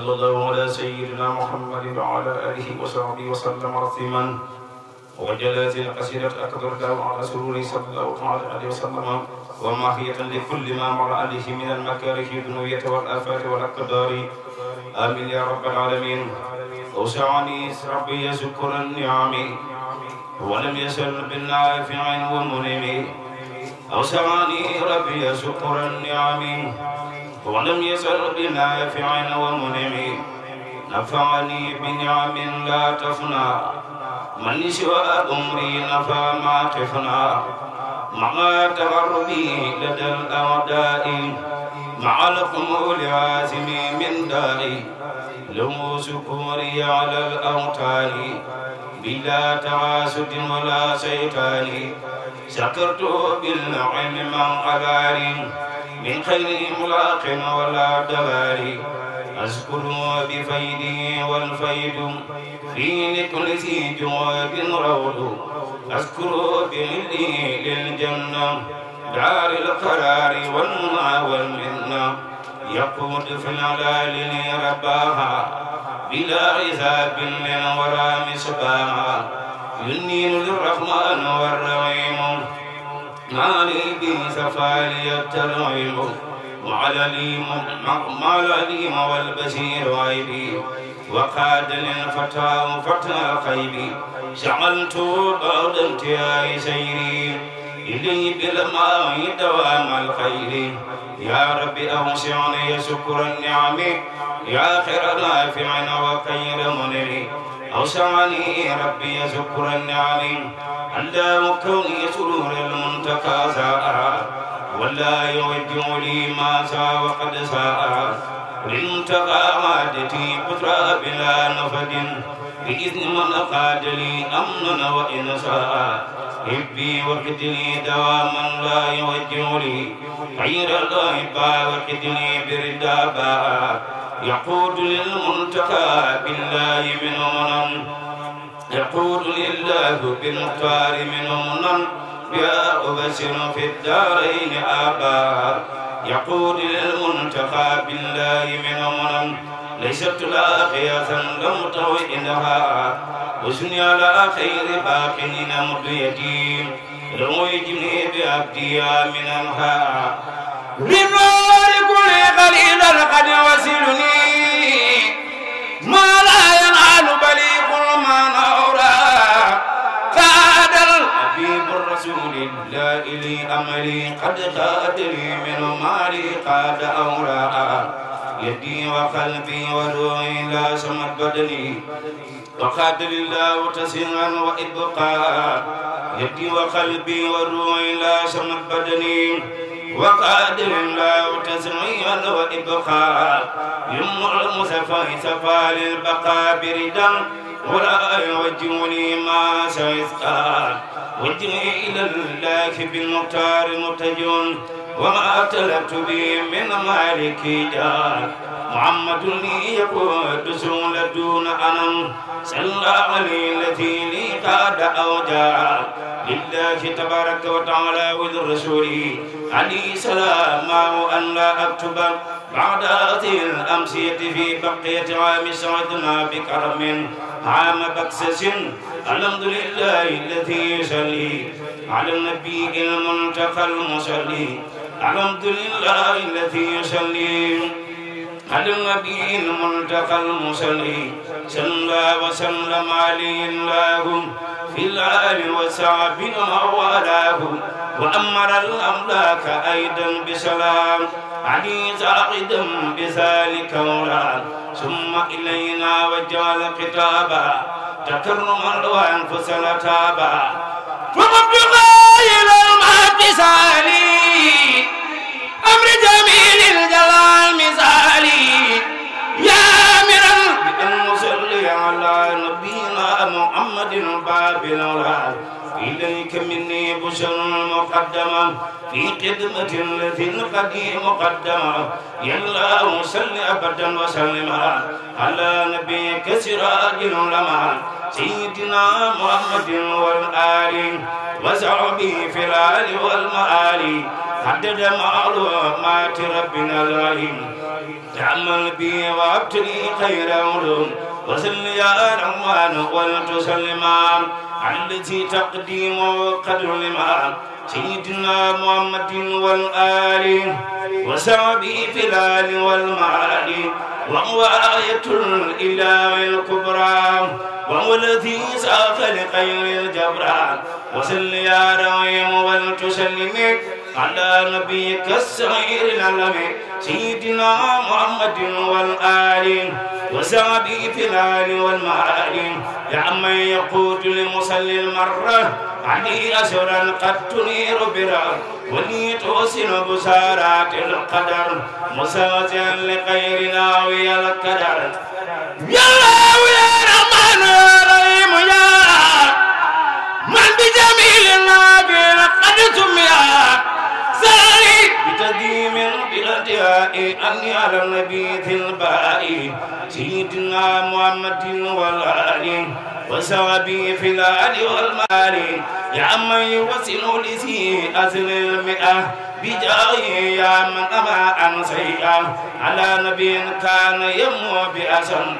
صلى الله على سيدنا محمد وعلى آله وصحبه وسلم رسيما وجلات القصيدة أقدرته على سرور صلى الله عليه وسلم وماهية لكل ما مر عليه من المكاره الدنيا والآفات والأقدار آمين يا رب العالمين أوسعني ربي شكر النعم ولم يسر بالنافع ومنعم أوسعني ربي شكر النعم ولم يزل بنافع ومنعم نفعني بنعم لا تفنى من سوى أمري نفى ما تفنى مع تغربي لدى الأعداء مع الخمول عازمي من داري لم سكوري على الأوتار بلا تعاسد ولا سيطان سكرت بالعلم من غباري من خير ملاق ولا دواري أذكره بفيده والفيد في كل ذي جواب روض أذكره بملئه للجنة دار القرار والمنى والمنة يقود في العلال رباها بلا عذاب من ورام سباها ينين للرحمن والرحيم علي بي سفالي التلعيم وعلى ليم مع ليم والبشير عيبي وقاد للفتى وفتى خيبي شعلت بعد انتهاء سيري إلي بالماء دوام الخير يا ربي أوسعني شكر النعم يا خير نافع وخير منعم أوسعني ربي شكر النعم عند كون سرور المنتقى ساء ولا يرجع لي ما سا وقد ساء للمنتقى عادتي قطرى بلا نفد بإذن من أقاد لي أمنا وإن ساء حبي وحدني دواما لا يوجه لي غير الأحباء وحدني بردابا يقود للمنتقى بالله من منام يقول الله بالمختار منونا يا أبشر في الدارين آبا يقول للمنتقى بالله منونا ليست لا خياثا لمطوئنها وزن وسني على خير باقين نمر يتيم لو بأبديا من أنها من مالك لقليلا قد وسلني ما لا ينال بليغ المعنى أورا فعاد الحبيب الرسول الله إلي أمري قد غاد من مالي قاد أورا يدي وقلبي وروحي لا سمت بدني وقاد لله تسيرا وإبقاء يدي وقلبي وروحي لا شمل بدني وقاد لله تسيرا وإبقاء يم المصفى سفى للبقاء بردا ولا يوجهني ما سيسقى وجهي إلى الله بالمختار متجن وما طلبت به من مالك جار محمد لي يقود سولة دون أنم صلى علي التي لي قاد أوجار لله تبارك وتعالى ولرسوله علي سلامه أن لا أكتب بعد هذه الأمسية في بقية عام سعدنا بكرم عام بكسس الحمد لله الذي يصلي على النبي المنتقى المصلي الحمد لله الذي يسلم على النبي الملتقى المصلي صلى وسلم عليه الله في الآل وصحب وولاه وأمر الأملاك أيضا بسلام علي زاقدا بذلك ولا ثم إلينا وجعل كتابا تكرم الأنفس لتابا ومبلغا إلى المهد سالي أمر جميل الجلال مثالي يا مرا بأن نصلي على نبينا محمد باب الأولاد إليك مني بشر مقدمة في خدمة الذي القديم مقدمة يا الله صل أبدا وسلم على نبيك سراج العلماء سيدنا محمد والآل وصحبه في الآل والمآل حدد معلومات ربنا العليم تعمل بي وابتلي خير علوم وصل يا رحمن ولتسلمان عن التي تقديمه قدر لما سيدنا محمد والآل وصحبه في الآل والمعال وهو آية الإله الكبرى وهو الذي ساق لخير الجبرى وصل يا رويم ولتسلم على نبيك السعير العلم سيدنا محمد والآل وسعبي في الآل والمآل يا من يقود لمصلي المرة علي أسرا قد تنير برا ولي توسن بسارات القدر مساجا لغير ناوي القدر يا الله يا رحمن يا من بجميل النبي قد تميا سالي بتديم الدعاء أن على النبي في الباء سيدنا محمد والآل وسوابي في الآل والمال يا من يوسن لسي أزل المئة بجاهي يا من أما أن سيئا على نبي كان يمو بأسن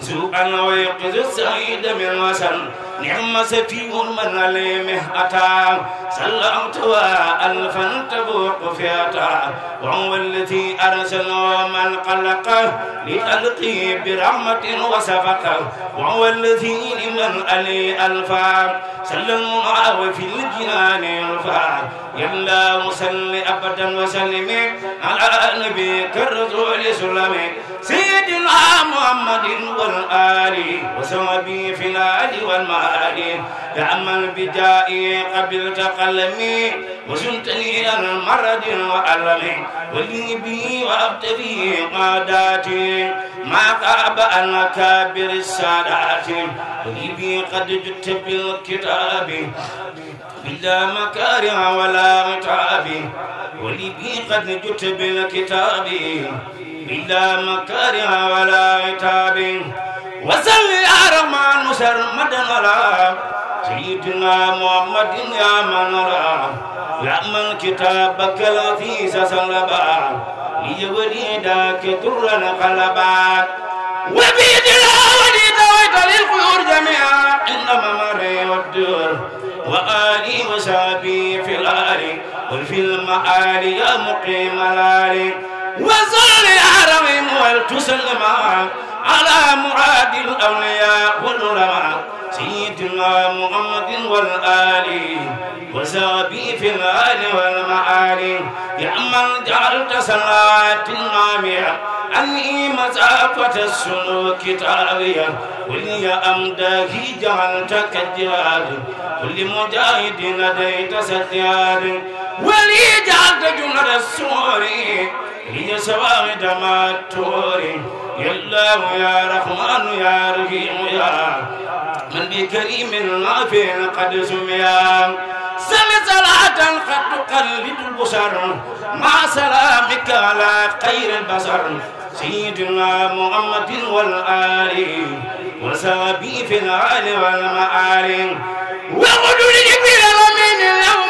سوءا ويقظ السعيد من وسن نعم سفي من عليه أتى سلمت وألفا تبوق فيتا وهو الذي أرسل ومن قلقه لألقي برحمة وسبقه وهو الذي لمن علي ألفا سلم في الجنان يرفع يلا وسلم صل أبدا وسلم على نبيك الرسول سلم سيدنا محمد والآل وسوبي في الآل والمال يا من بجائي قبلت قلمي وزنتني عن مرض وألم ولي بي وأبتغي قاداتي ما غاب عن أكابر السادات قلبي قد جدت بالكتاب بلا مكاره ولا عتاب قلبي قد جدت بالكتاب بلا مكاره ولا عتاب وصل يا رحمن مسرمدا ولا سيدنا محمد يا من رأى لمن كتابك العزيز سلبا ليوليدك ترا قلبا وبيد الأولي دويت للخيور جميعا إنما مري والدور وآلي وسابي في الآل وفي المآلي يا مقيم الآلي وزال العرم والتسلم على مراد الأولياء والعلماء سيدنا محمد والآلي وزابي في الآل والمعالي يا من جعلت صلاة النامية أني مزافة السلوك تاوية يا أمداه جعلت كجار كل مجاهد لديك سديار ولي جعلت جنر السوري هي سواد ما توري يا الله يا رحمن يا رحيم يا من بكريم النافع قد سميا سلسلة قد تقلد البشر مع سلامك على خير البشر سيدنا محمد والآل وصحبه في الآل والمآل وغدو لجبريل من اليوم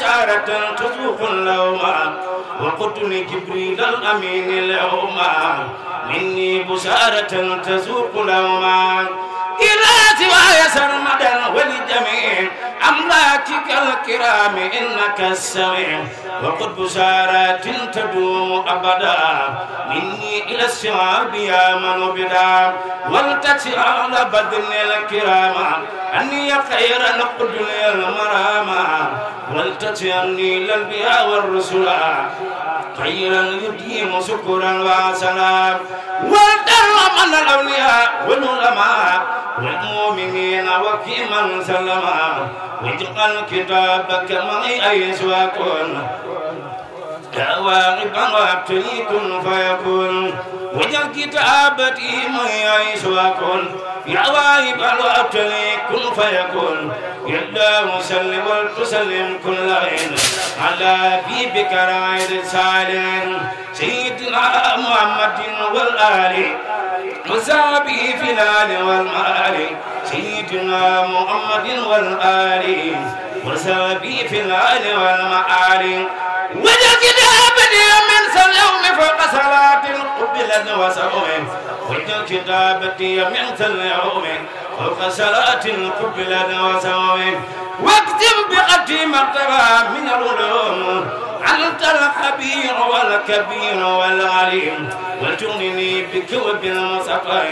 بشارة تصبح اللوما وقتني جبريل الأمين اليوم مني بشارة تسوق لوما إلى سواي سرمدا ولجميع أملاكك الكرام إنك السميع وقد بزارات تدوم أبدا مني إلى الشعاب يا من بدا والتتي على بدن الكرام أني خير نقد المرام والتتي أني للبيا والرسل خيرا يديم شكرا وسلام والدر من الأولياء والعلماء للمؤمنين وكمن سلم وجه الكتاب كما أيسوكن واعبا وعبتليت فيكون وجه كتابتي ميعيش وكن يا واعبا وعبتليت فيكون يبدا سلم وتسلم كل عين على بيبك رايد سالم سيدنا محمد والآل وصحبه في الآل والمال سيدنا محمد والآل وسوى في الغال والمآل وجل كتابني من سلوم فوق صلاة قبلت وسوم وجل كتابتي من سلوم فوق صلاة قبلت وسوم واكتب بقدي مرتبة من العلوم الخبير والكبير والعليم وجنني بك وبالمصطفى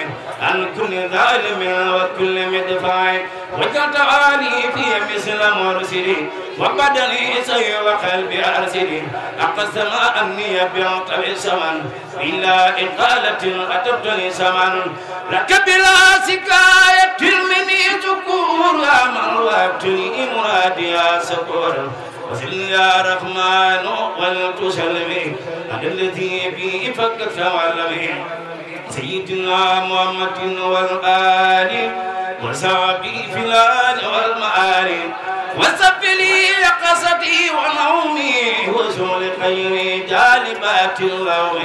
عن كل ظالم وكل مدفع وتعالي في مثل مرسلين وبدني سي وقلبي أرسلين أقسم أني بعطب الزمن إلا إن قالت أتبتني زمن لك بلا سكاية مني ذكورا من وابتني يا سكور وصل يا رحمن والتسلمي على الذي به فقد تعلمي سيدنا محمد والآل وصعبي في الآل والمآرب وسب لي قصدي ونومي وزول خيري جالبات اللوم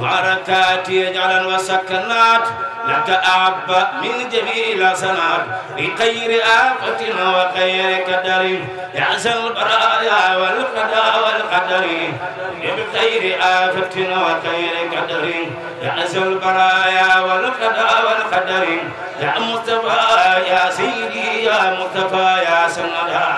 وحركاتي يجعل وسكنات لك أعب من جميل سنات لخير آفة وخير قدر يعزل البرايا والقدى والقدر بخير آفة وخير قدر يعزل البرايا والقدى والقدر يا مصطفى يا سيدي يا مصطفى يا سندا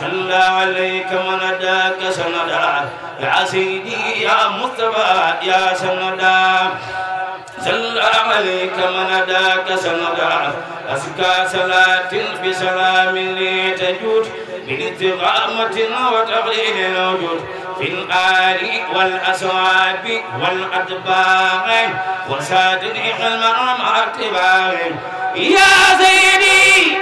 صلى عليك من اداك سندا يا سيدي يا مصطفى يا سندا صلى عليك من اداك سندا أزكى صلاة بسلام لتجود من استقامة وتقليل الوجود في الآل والأسواب والأدبار وسادد المرام ارتبار يا زيني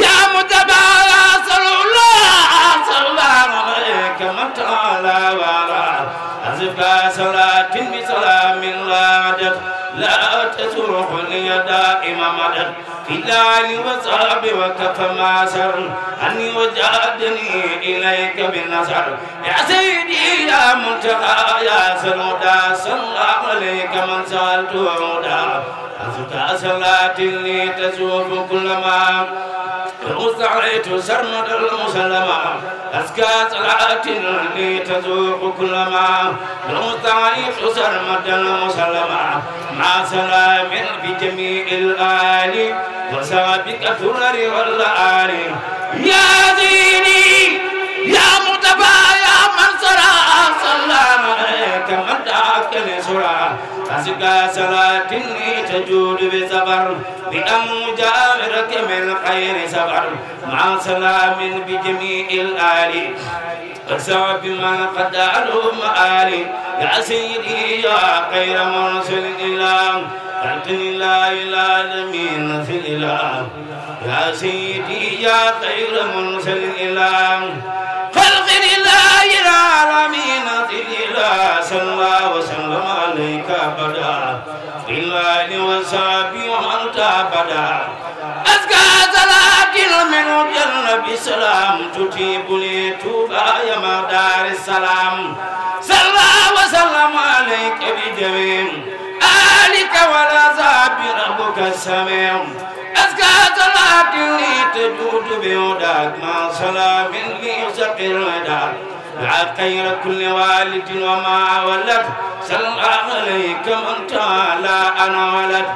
يا متبارى صلى الله صلى الله عليك من تعالى وعلى أزفك صلاة بسلام الله عدد لا تسرح لي دائما مدد في الآل وصحب وكف ما سر أن وجهتني إليك بالنصر يا سيدي يا منتهى يا سنودا صلى عليك من سألت هدى أنت صلاة لي تزوف كل ما المستعيت سرمد المسلمة أزكى صلاة لي تزوف كل ما المستعيت سرمد المسلمة مع سلام في جميع الآل وسابك الثرر والرآل يا ديني يا متبا يا من سرى سلم عليك غداك لسرعة أسكى صلاة تجود بصبر بأم جامرك من خير صبر مع سلام بجميع الآل وسبب من قد علوم آل يا سيدي يا خير مرسل إله أنت لله العالمين في الإله يا سيدي يا خير مرسل إله صلى وسلم عليك أبدا بالله وصحبه ومن تابدا أزكى صلاة من جل بسلام تجيبني توبا يا دار السلام صلى وسلم عليك بجميع آلك ولا زاب ربك السميع أزكى صلاة لي تجود بهداك مع سلام لي يسقي الوداع لا خير كل والد وما ولد سل عليك من تعالى أنا ولد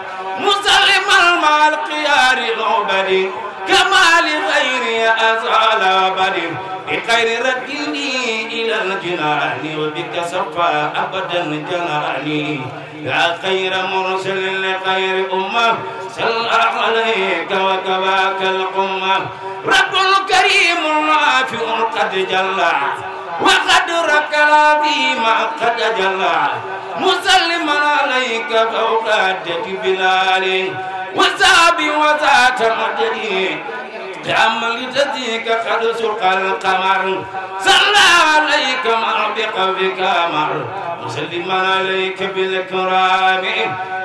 مسلم مع القيار غبد كما لغير أزال بدر بخير ردني إلى الجنان وبك صفى أبدا جناني لا خير مرسل لخير أمه صلى عليك وكواك القمة رب كريم رافع قد جلى وقدرك العظيم قد جلى مسلما عليك فوق عدة بلال وسابي وذات مدري عما لتديك قد سرق القمر صلى عليك مر بقلبك مر مسلما عليك بالكرام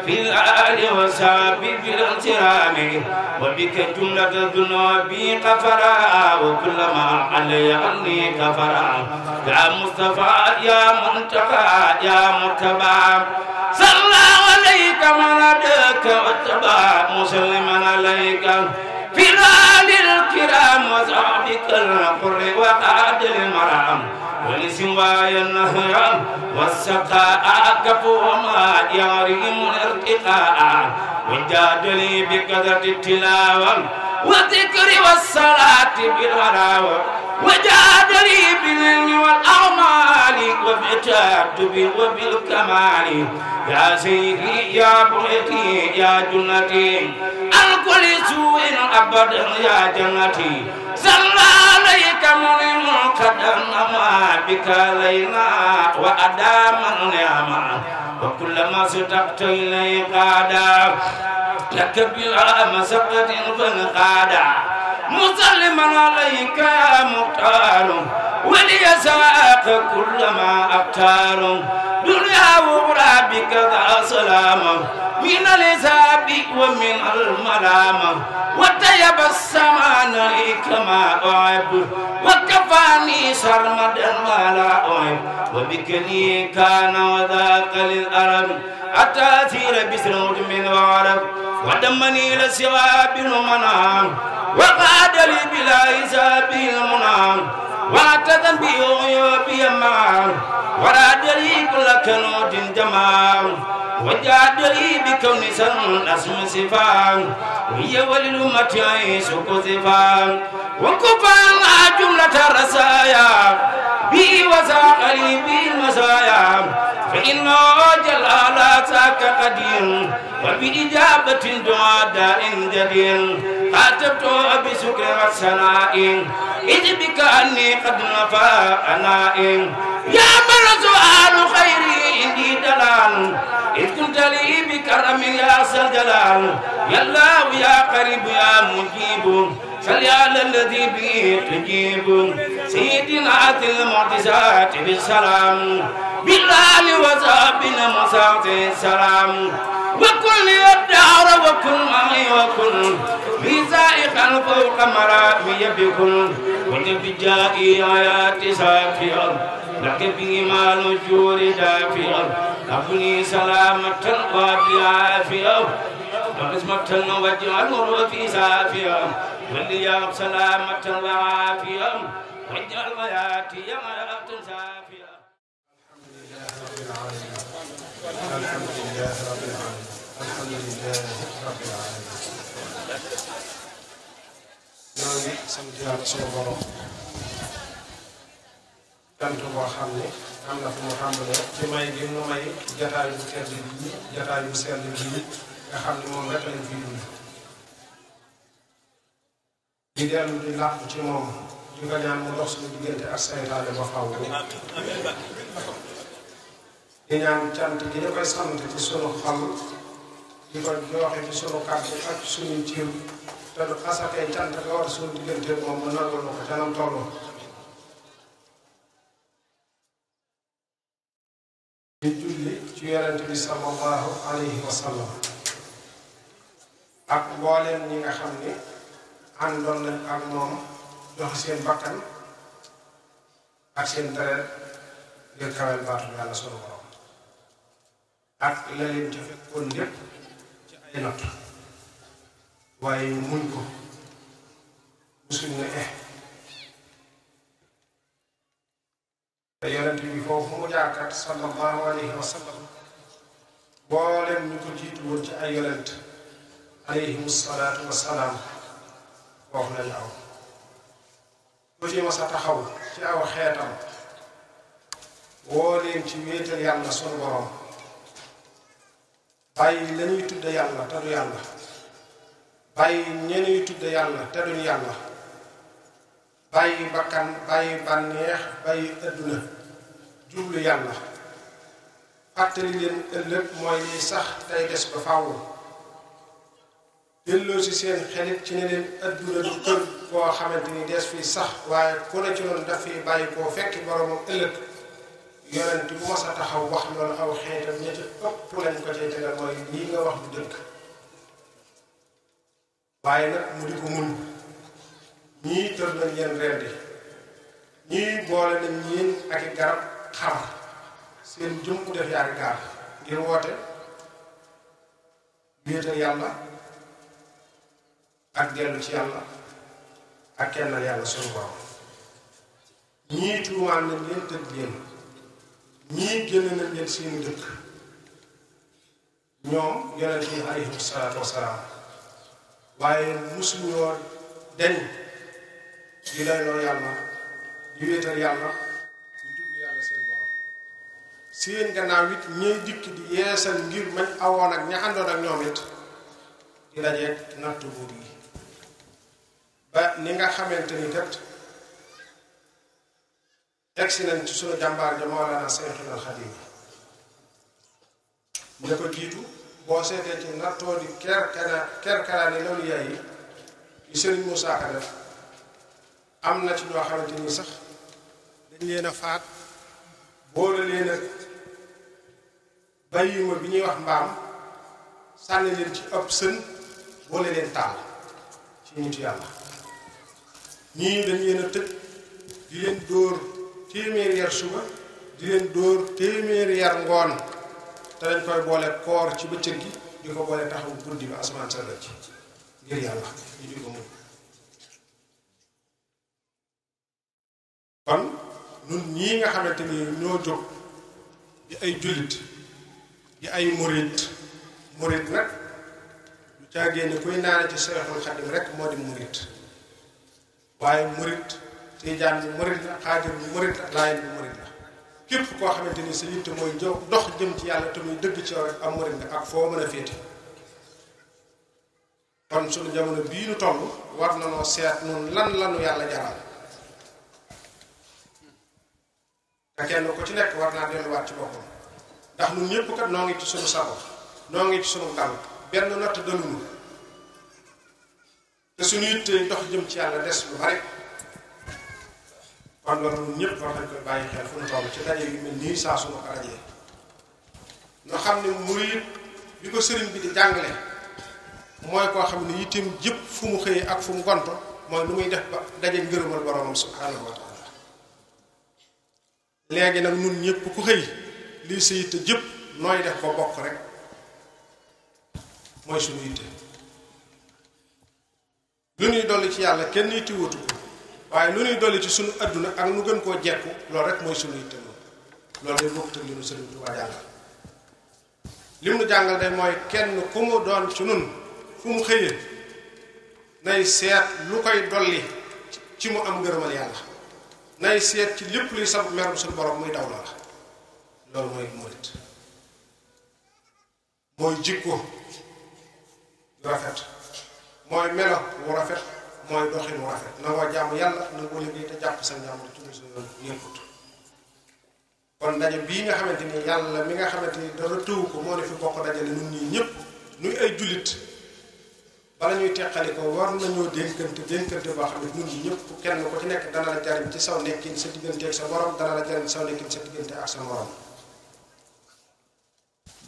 في الآل وصحب بالانترام وبك جملة ذنوبي قفرا وكلما علي أني كفرا يا مصطفى يا منتقى يا مرتبى صلى عليك من أداك واتبع مسلما عليك في الآل الكرام وزعبك القر وقعد المرام ولسواي النهر والسقاء كفوما يغرم الارتقاء وجادلي بكثرة التلاوة والذكر والصلاة بالغراوة وجادلي بالعلم والأعمال وبالتأدب وبالكمال يا سيدي قلبي يا بغيتي يا جنتي الكل سوء أبدا يا جنتي صلى عليك من قد أنما بك لينا وأدام النعمة وكلما صدقت إليك قادا لك بلا مسقة فانقادا مسلما عليك يا مختار كل ما أبتار دنيا وبرا بك ذا سلام من الحساب ومن الملام وتيبسم السمان إكما أعب وكفاني سرمدا المالا أعب وبكني كان وذاق للأرب أتاثير بسر من وعرب ودمني لسواب المنام وقعد لي بلا إزاب المنام وأتى تنبيه عيوبي معه ولا دري كل كنوت جمال وجادري بكون سن اسم صفان وهي وللأمة عيش كذفان وكفى الله جملة الرسايا بي وزاقري بالمزايا فإنه جل على ساك قدير وبإجابة دعاء دار جدير خاتبت بسكر والسناء إذ بك أني قد نظر صفاء نائم يا من سؤال خيري إني دلال إذ كنت لي بكرم يا سجلال يا الله يا قريب يا مجيب صل على الذي به تجيب سيدنا ذي المعجزات بالسلام بالله وصحبه مساعد السلام وكن الدار وكن معي وكن ميزائقا فوق مرامي بكن قل بجائي آيات سافيا لك بما نجور دافيا أبني سلامة وبعافية وقسمة وجعل في سافيا وليا سلامة وعافية واجعل حياتي مرأة سافية الحمد لله رب العالمين الحمد لله رب العالمين rabbil alamin ñoo ngi sant yàlla sunu borom sant boo xam ne am na fu mu xàmbalee ci may bi mu di dellu di làq ci moom di nga ñaan mu dox suñu diggante ak saytaane ba xaw di ñaan di ko joxe ci sunu julli ci yonent bi sallallahu alayhi wa ak mbooleem ñi nga xam ni àndoon nañ ak moom dox seen bakkan ak seen deret ngir kawel baatu yàlla sunu borom ak la leen ci fekkoon lépp enoot waaye muñ ko musul ne eh te yonent bi foofu mu jaarkat sallallahu alayhi wa sallam booleen ñu ko jiitu woon ci ay yonent alayhim salaatu wasalaam foofu lañ aw ku ci mas a taxaw ci aw xeetam woo leen ci wéetal yàlla sunu borom bàyyi la ñuy yàlla te du yàlla bàyyi ñenuy tudde yàlla te duñ yàlla bàyyi bakkan bàyyi bànneex bàyyi adduna jublu yàlla fàttali leen ëllëg mooy liy sax tey des ba fàww delloo si seen xelit ci ne leen adduna du kër boo xamante ni des fii sax waaye ku ne ci noonu daf fi bàyyi koo fekki boromam ëllëg yonent bu mas a taxaw wax loolu aw xeetam ñetti ëpp lañ ko cay tegal mooy lii nga wax du dëkk waaye nag mu di ko muñ ñii tër nañ yéen rendi ñii boole nañ ñeen ak i garab xar seen jëm ku def yaa ngir woote wéetal yàlla ak dellu ci yàlla ak kennal yàlla sunu borom ñii tuumaan nañ leen tëdd leen ñii génn nañ leen seeni dëkk ñoom yonent yi alayhim salaatu wasalaam waaye musuñoo dañ di doyloo yàlla di wéetal yàlla di jublu yàlla seen gannaaw it ñuy dikk di yeesal ngir mañ awoon ak ña àndoon ak ñoom it di dajeeg nattu buur yi ba ni nga xamante ni kat egsi nañ ci sunu jàmbaar ja Mawlana Seyxul Xadiim ña ko jiitu boo seetee ci nattoo di ker kana ker kanaani loolu yaay yi yu def am na ci ñoo xamante ni sax dañ leen a faat boole leen ak bàyyima bi ñuy wax mbaam sànni leen ci ëpp sën boole leen taal ci nitu yàlla ñii dañ leen a di leen dóor téeméeri yar suba di leen dóor téeméeri yar ngoon te dañ koy boole koor ci bëccëg gi di ko boole taxaw guddi ba asamaan sa ci ngir yàlla ñu di ko mun kon nun nga xamante ni ñoo jóg di ay jullit di ay murit murit nag du caagéen ni kuy naana ci Seexul Xadim rek moo di murit waaye murit tijaan bu murit la xaadir bu murit la laayeen bu murit la képp koo xamante ni sa yitte mooy jow dox jëm ci yàlla te muy dëgg am murit nga ak foo mën a féete kon sunu jamono bii nu toll war na seet nun lan lanu yàlla jaral ku ci nekk war naa delluwaat ci boppam ndax nun ñëpp noo ngi ci sunu sabo noo ngi ci benn natt dalunu te sunu yitte dox jëm ci yàlla des lu bari kon loolu ñun ñëpp war bàyyi xel fu ñu toll ci daje yu mel nii saa su ma ko rajee nga xam ne murid bi ko sëriñ bi di jàngale mooy koo xam ne itam jëpp fu mu xëyee ak fu mu gonto mooy nu muy def ba daje ngërëmal boromam subhaanahu wa taala léegi nag ñun ñëpp ku xëy lii sa yitte jëpp nooy def ba bokk rek mooy suñu yitte lu ñuy dolli ci yàlla kenn yitte waaye lu ñuy dolli ci sunu adduna ak mu gën koo jekku loolu rek mooy sunu yitte moom loolu de mooy kenn ku mu doon ci nun seet lu koy dolli ci mu am ngërëmal yàlla nay seet ci lépp luy sab merum suñu borom muy daw loolu mooy jikko yu rafet mooy melo wu rafet mooy doxin wu rafet nangoo jaamu yàlla nangoo liggéey te jàpp sa njàmbur tudd sa nekkut kon daje bii nga xamante ni yàlla mi nga xamante ni dara tëw ko moo ne fi bokk dajale nun ñii ñëpp nuy ay jullit bala ñuy teqali ko war nañoo dénkante dénkante boo xam ne nun ñi ñëpp kenn ko ci nekk dana la jariñ ci saw nekkin sa diggante ak sa borom dana la jariñ saw nekkin sa diggante ak sa borom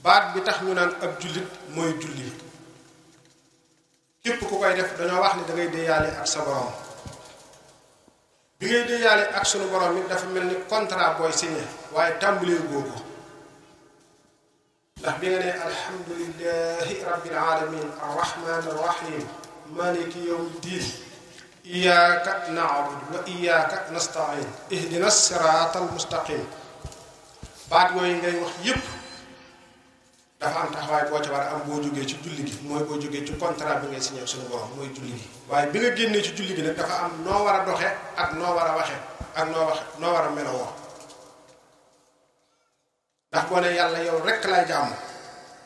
baat bi tax ñu naan ab jullit mooy julli képp ku koy def dañoo wax ne da ngay déeyaale ak sa borom bi ngay déeyaale ak sunu borom it dafa mel ni contrat booy signé waaye tàmbalee googu ndax bi nga ne alhamdulilahi rabbil alamin arrahman arrahim maliki yawmi ddin iyyaka na'budu wa iyyaka nasta'in ihdina sirata almustaqim baat yooyu ngay wax yépp dafa am taxawaay boo ci war a am boo jógee ci julli gi mooy boo jógee ci contrat bi ngay signé suñu borom mooy julli gi waaye bi nga génnee ci julli gi nag dafa am noo war a doxee ak noo war a waxee ak noo waxe noo war a melowoo ndax boo ne yàlla yow rekk lay jàmm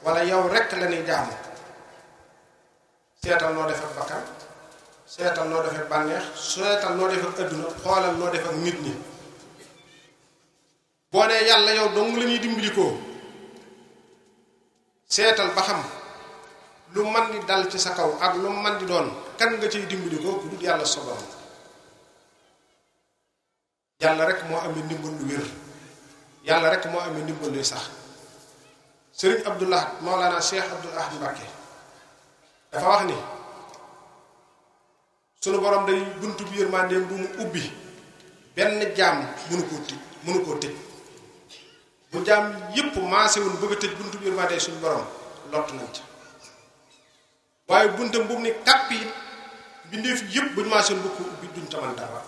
wala yow rekk la ñuy jaamu seetal noo def ak bakkan seetal noo def ak bànneex seetal noo def ak adduna xoolal noo def ak nit ñi boo ne yàlla yow dong la ñuy dimbalikoo setal ba xam lu man di dal ci sa kaw ak lu man di doon kan nga cey dimbali ko ku dul yalla sobal yalla rek mo am ni mbul wir yalla rek mo am ni mbul sax serigne abdullah maulana cheikh abdul ahad mbake dafa wax ni sunu borom day buntu bi yermande bu ubi ben jam munu ko tit munu ko tit bu jaam yépp maase wun bëgg a tëj buntu bi yërmande suñu borom lott nañ ca waaye buntam boobu ne kàpp it bindeef yëpp buñu maase wun bëgg ko ubbi duñ taman dara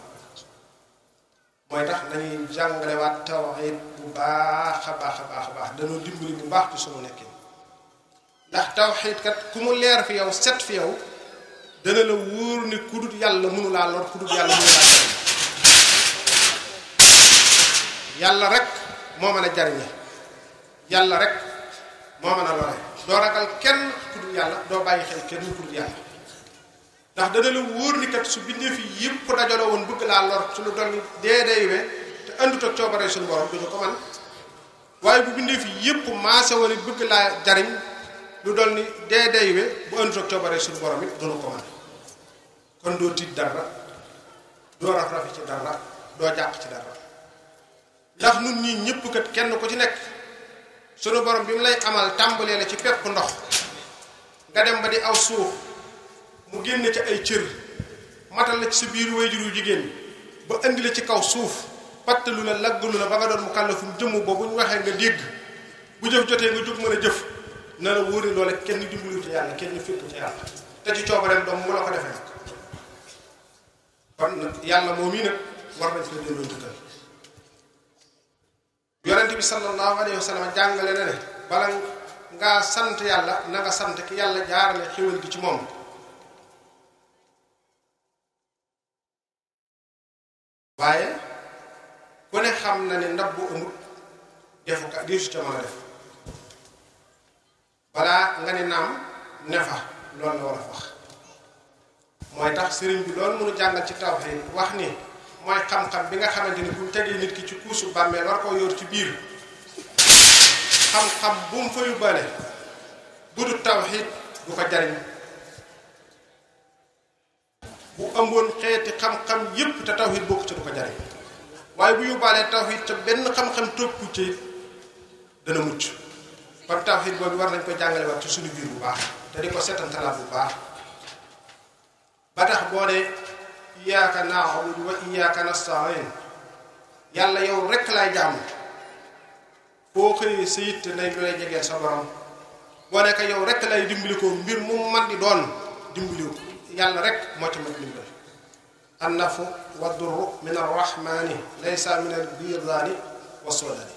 mooy tax nañuy jàngalewaat tawhid bu baax a baax a baax a baax bu baax ci suñu nekkee ndax tawhid kat ku mu leer fi yow set fi yow dana la wóor ne kudut yàlla mënu laa lor kudut yàlla mënu laa yàlla rek moo mën a jariñe yàlla rek moo mën a lore doo ragal kenn ku yàlla doo bàyyi xel kenn ku yàlla ndax dana la wóor ni kat su bindee fi yëpp dajaloo bëgg laa lor su lu dolli dee dee te andut ak suñu borom duñu ko man bu bindee fi yëpp maase woon bëgg laa jariñ lu dol ni dee ko man kon doo tiit dara doo raf ci dara doo jàq ci dara ndax nun ñi ñëpp kat kenn ku ci nekk sunu borom bi mu lay amal tàmbalee la ci pepp ndox nga dem ba di aw suuf mu génn ci ay cër matal la ci si biir wayjuru jigéen ba indi la ci kaw suuf pattalu la laggalu la ba nga doon mu kàllafum jëmm ba bu ñu waxee nga dégg bu jëf jotee nga jóg mën a jëf na la wóor ne kenn dimbalu ci yàlla kenn fépp ci yàlla te ci coobareem doom mu la ko defee nag kon nag yàlla moom yi nag war nañ ci la delloo dëkkal yonent bi sallallahu alayhi wa jàngale na ne bala ngaa sant yàlla na nga sant ki yàlla jaarale xéwal gi ci moom waaye ku ne xam na ne ndab bu amut defu ka diisu ca mën def balaa nga ne naam ne fa loolu la war a wax mooy tax sëriñ bi lool mënu jàngal ci tawhiid wax ni mooy xam-xam bi nga xamante ni buñ tegee nit ki ci kuusu bàmmeel war koo yor ci biir xam-xam bu mu fa yóbbaale bu du tawxiid du ko jariñ bu ëmboon xeeti xam-xam yépp te tawxiid bokk ci du ko jariñ waaye bu yóbbaalee tawxiid te benn xam-xam toppu ci dana mucc kon tawxiid boobu war nañ koy jàngale waat ci suñu biir bu baax te di ko setantalaat bu baax ba tax boo dee iyyaka na'budu wa iyyaka nasta'in yàlla yow rekk laay jaamu boo xëyee sa yitte nay lu lay jegeel sa borom boo nekk yow rekk lay dimbali mbir mu man doon dimbali ko yàlla rekk moo ci mën dimbali annafu wa durru min arrahmani laysa min albidaani wa soodani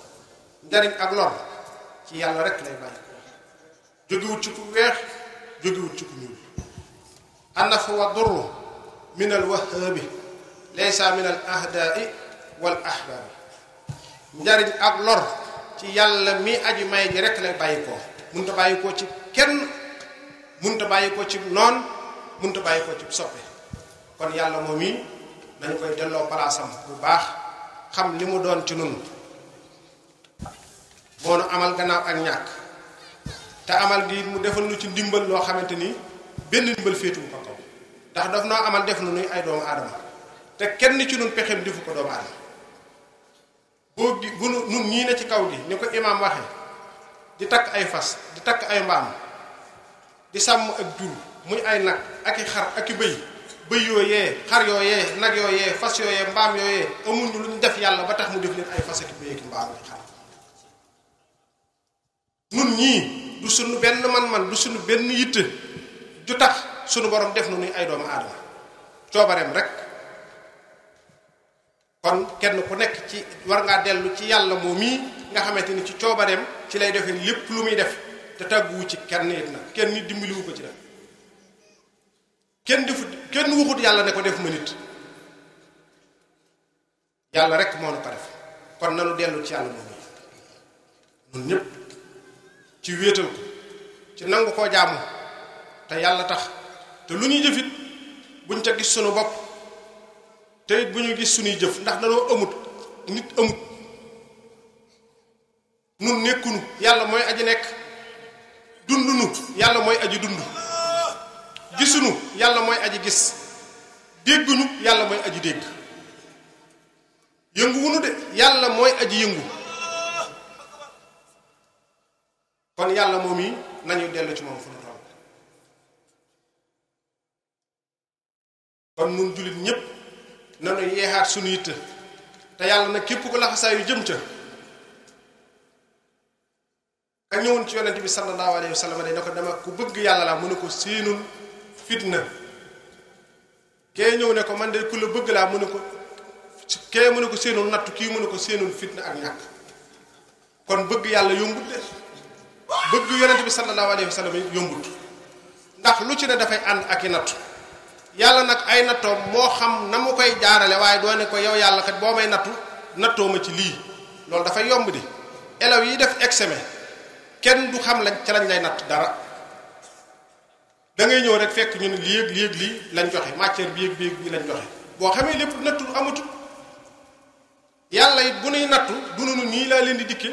njariñ ak lor ci yàlla rekk lay bàyyi jógewut ci ku weex jógewut ci ku ñuul annafu wa durru min al wahaabi laysa min al ahdaai wal ahbaabi njariñ ak lor ci yàlla mi aji may ji rek lay bàyyi koo munta bàyyi koo ci kenn munta bàyyi koo ci noon munta bàyyi koo ci soppe kon yàlla moom yi nañu koy delloo palaasam bu baax xam li mu doon ci nun moo amal gannaaw ak ñàkk te amal gi mu defal nu ci ndimbal loo xamante ni benn ndimbal féetu bu ko ndax daf noo amal def na nuy ay doomu aadama te kenn ci nun pexem defu ko doomu aadama boo gi bu nun ñii ne ci kaw gi ni ko imaam waxe di takk ay fas di takk ay mbaam di sàmm ak jur muy ay nag ak i xar ak i bëy bëy yee xar yooyee nag yooyee fas yooyee mbaam yooyee amuñu lu ñu def yàlla ba tax mu def leen ay fas ak i bëy ak mbaam ak xar nun ñii du sunu benn man-man du sunu benn yitte ju tax sunu borom def nu ni ay doomu aadama coobareem rek kon kenn ku nekk ci war ngaa dellu ci yàlla moom mii nga xamante ni ci coobareem ci lay defee lépp lu muy def te tàgguwu ci kenn it nag kenn nit dimbaliwu ko ci nag kenn defut kenn waxut yàlla ne ko def ma nit yàlla rek moo nu ko def kon nanu dellu ci yàlla moom mii nun ñépp ci wéetal ko ci nangu koo jaamu te yàlla tax te lu ñuy jëfit buñ ca gis sunu bopp te it bu ñu gis suñuy jëf ndax danoo amut nit amut nun nekkunu yàlla mooy aji nekk dundunu yàlla mooy aji dund gisunu yàlla mooy aji gis déggunu yàlla mooy aji dégg yënguwunu de yàlla mooy aji yëngu kon yàlla moom yi nañu dellu ci moom fu ñu toll kon nun jullit ñépp nanu yeexaat sunu yitte te yàlla na képp ku laxasaa yu jëm ca ka ñëwoon ci yonent bi sallallahu alayhi wa sallam day ku bëgg yàlla mu ne ko siinul fitna ñëw ne ko man de ku bëgg laa mu ne ko kee ko seenul nattu kii mu ne ko seenul fitna ak ñàkk kon bëgg yàlla yombut de bëgg yonent bi sallallahu alayhi wa ndax lu ci ne dafay ànd ak i nattu yàlla nag ay nattoom moo xam na mu koy jaarale waaye doo ne ko yow yàlla kat boo may nattu nattoo ma ci lii loolu dafa yomb di élèves yi def examen kenn du xam lañ ca lañ lay natt dara dangay ñëw rek fekk ñu ne lii ak lii ak lii lañ joxe matière bi ak bi ak bi lañ joxe boo xamee lépp nattu amatul yàlla yit bu nuy nattu du nu nii laa leen di dikke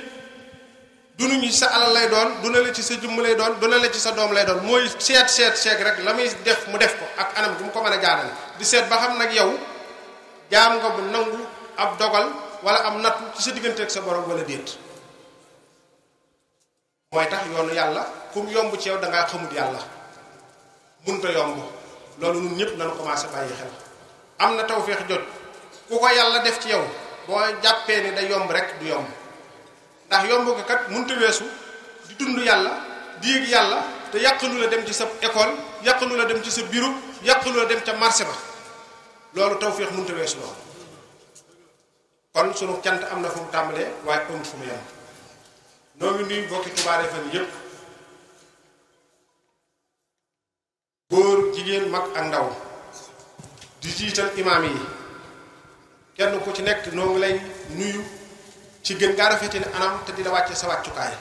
dunu ñi sa alal lay doon duna la ci sa jëmm lay doon duna la ci sa doom lay doon mooy seet seet seet rek la muy def mu def ko ak anam gi mu ko mën a jaarale di seet ba xam nag yow jaam nga bu nangu ab dogal wala am nattu ci sa diggante ak sa borom wala déet mooy tax yoonu yàlla kum yomb ci yow da ngaa xamut yàlla munta yomb loolu ñun ñëpp nañu commencé bàyyi xel am na tawféex jot ku ko yàlla def ci yow boo jàppee ni da yomb rek du yomb. ndax yomb ko weesu di dund yàlla di yëg yàlla te yàqalu la dem ci sa école yàqalu la dem ci sa bureau yàqalu la dem ca marché ba loolu tawféex mënta weesu loolu kon sunu cant am na fu mu tàmbalee waaye amul fu mu yem noo ngi nuyu bokki Touba Refane yépp góor jigéen mag ak ndaw di imaam yi kenn ko ci nekk noo ngi lay nuyu ci gën ngaa rafetale anam te di la wàcce sa wàccukaay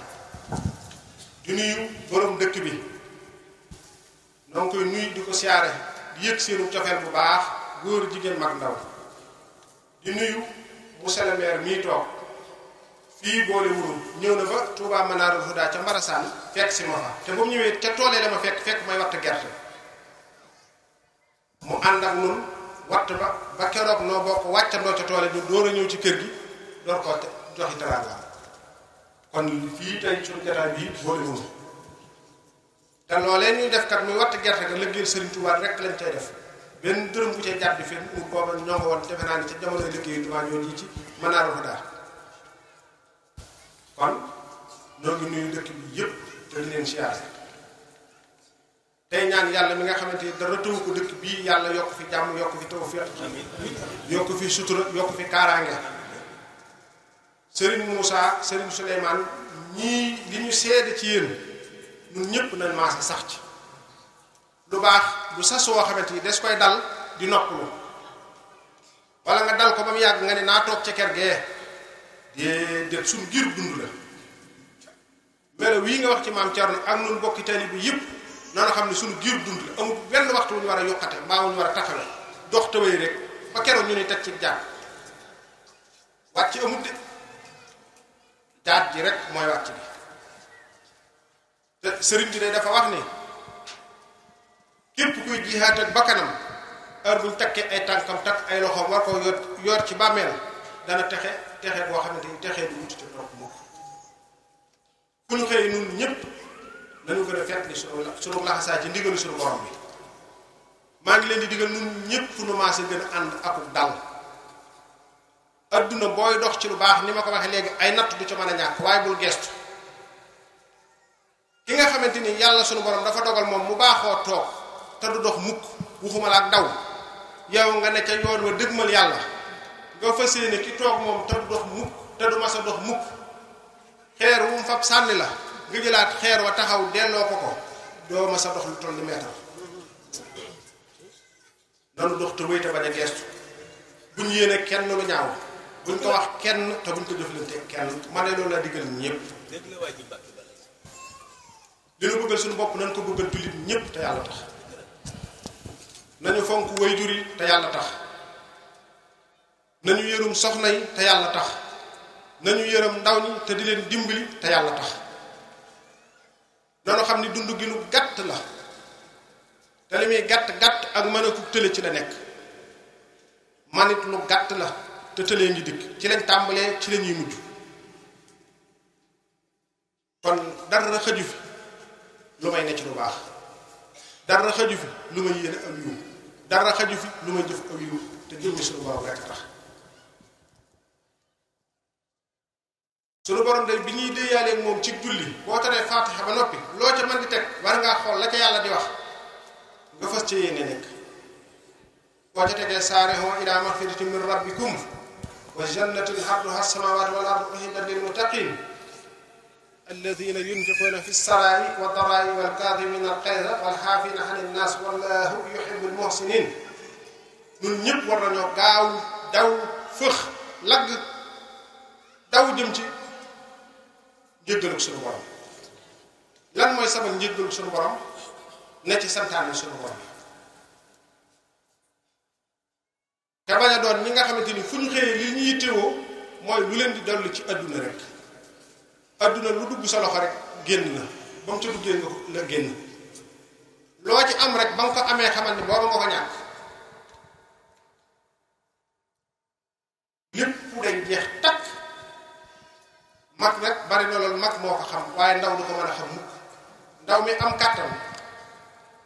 di nuyu borom dëkk bi noo ngi koy nuyu di ko siyaare di yëg seenu cofeel bu baax góor jigéen mag ndaw di nuyu bu le maire mii toog fii boole wurum ñëw na ba Touba Manaarul Huda ca Mbarasaan fekk si ma fa te bu ñëwee ca toolee la ma fekk fekk may watt gerte mu ànd ak nun watt ba ba keroog noo bokk wàccandoo ca toole du door a ñëw ci kër gi door ko joxe teraanga kon fii tey suñu jotaay bii boole wuñu te loolee ñuy def kat muy watt gerte ga liggéeyal Sëriñ Tuubaa rek lañ cay def benn dërëm bu cay jàddi naa ne ca jamonoy liggéeyu Tuubaa ci mën naa ko daal ñoo ngi nuyu dëkk bi yëpp te di leen siyaare tey ñaan yàlla mi nga xamante ni dara tëwu ko dëkk bii yàlla yokk fi jàmm yokk fi tawfeex yokk fi sutura yokk fi kaaraange sëriñ Moussa sëriñ Souleymane ñii li ñu seede ci yéen ñun ñëpp nañ maase sax ci lu baax lu sa soo xamante ni des koy dal di noppalu walla nga dal ko ba mu yàgg nga ne naa toog ca kër gee déedéet suñ giir dund la melo wii nga wax ci maam Thierno ak nun bokki tali bi yëpp noonu xam ne suñu giir dund la amul benn waxtu wu ñu war a yokkate mbaa wu war a taxawe dox tawee rek ba keroog ñu ne teg ci jàpp wàcc amut taat ji rek mooy wàcc bi te sëriñ bi day dafa wax ne képp kuy jihaat ak bakkanam heure buñ takkee ay tànkam takk ay loxoom war koo yor yor ci bàmmeel dana texe texe boo xamante ni texe du wut te ndox moo ko ku ñu xëy nun ñépp nañu gën a fekk ni sunu sunu laxasaay ci ndigalu sunu borom bi maa ngi leen di digal nun ñépp nu maase gën a ànd akub dal aduna boy dox ci lu bax ni ma ko waxe legi ay nat du ci mana ñak way bul gest ki nga xamanteni yalla sunu borom dafa dogal mom mu baxo tok ta du dox mukk waxuma la ak daw yow nga ne ca yoon wa deggmal yalla nga fasiyene ki tok mom ta du dox mukk ta du massa dox mukk xeer wu fab sanni la nga jilat xeer wa taxaw delo ko ko do massa dox lu toll ni nanu dox te weyta baña gest buñu yene kenn lu ñaaw buñ ko wax kenn te buñ ko jëflante kenn ma ne loolu laa diggal ñëpp li nu buggal suñu bopp nañ ko bëggal jullit ñëpp te yàlla tax nañu fonk wayjur yi te yàlla tax nañu yërëm soxna yi te yàlla tax nañu yërëm ndaw ñi te di leen dimbali te yàlla tax noonu xam ni dund gi lu gàtt la te li muy gàtt gàtt ak mën a ku tële ci la nekk manit lu gàtt la te tëlee ngi dikk ci lañ tàmbalee ci lañuy mujj kon dara xaju fi lu may ne ci lu baax dara xaju fi lu may yéene aw yiw dara xaju fi lu may jëf aw yiw te jëmmi suñu borom rekk tax suñu borom bi ñuy déeyaalee moom ci julli boo taree faatixa ba noppi loo ca mën di teg war ngaa xool la ca yàlla di wax nga fas ca yéene nekk boo ca tegee saarihu ilaa maxfiratin bi rabbikum وجنة عرضها السماوات والأرض أهلت للمتقين الذين ينفقون في السراء والضراء والكاظمين القيظ والحافين عن الناس والله يحب المحسنين من نيب ورا نيو غاو داو فخ لاغ داو جيمتي جيدلوك سونو بروم لان موي سبب جيدلوك سونو بروم نتي سانتان سونو بروم te bañ a doon ñi nga xamante ni fu ñu xëyee li ñuy yittewoo mooy lu leen di dellu ci adduna rek adduna lu dugg sa loxo rek génn na ba mu ca duggee nga la génn loo ci am rek ba ko amee xamal ni booba nga ko ñàkk lépp day jeex takk mag nag bari na loolu mag moo ko xam waaye ndaw du ko mën a xam mukk ndaw mi am kàttan